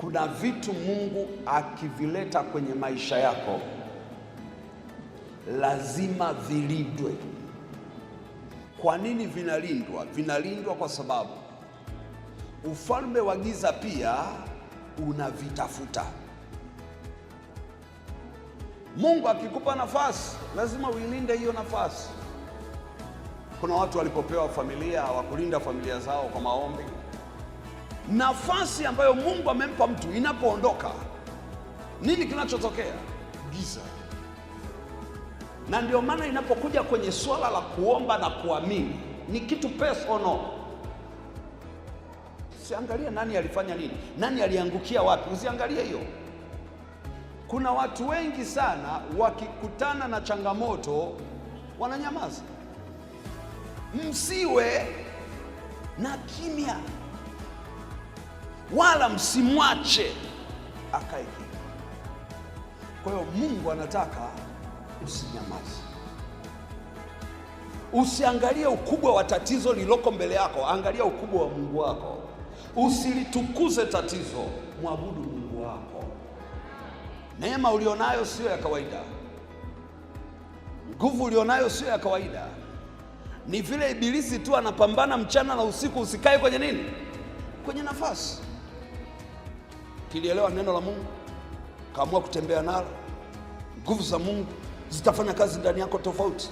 Kuna vitu Mungu akivileta kwenye maisha yako lazima vilindwe. Kwa nini vinalindwa? Vinalindwa kwa sababu ufalme wa giza pia unavitafuta. Mungu akikupa nafasi lazima uilinde hiyo nafasi. Kuna watu walipopewa familia hawakulinda familia zao kwa maombi nafasi ambayo Mungu amempa mtu inapoondoka, nini kinachotokea? Giza. Na ndio maana inapokuja kwenye swala la kuomba na kuamini, ni kitu pesa ono. Usiangalie nani alifanya nini, nani aliangukia wapi, usiangalie hiyo. Kuna watu wengi sana wakikutana na changamoto wananyamaza. Msiwe na kimya wala msimwache akae hivi. Kwa hiyo Mungu anataka usinyamaze, usiangalie ukubwa wa tatizo liloko mbele yako, angalia ukubwa wa Mungu wako. Usilitukuze tatizo, mwabudu Mungu wako. Neema ulionayo siyo ya kawaida, nguvu ulionayo siyo ya kawaida. Ni vile Ibilisi tu anapambana mchana na usiku, usikae kwenye nini, kwenye nafasi kilielewa neno la Mungu, kaamua kutembea nalo, nguvu za Mungu zitafanya kazi ndani yako tofauti.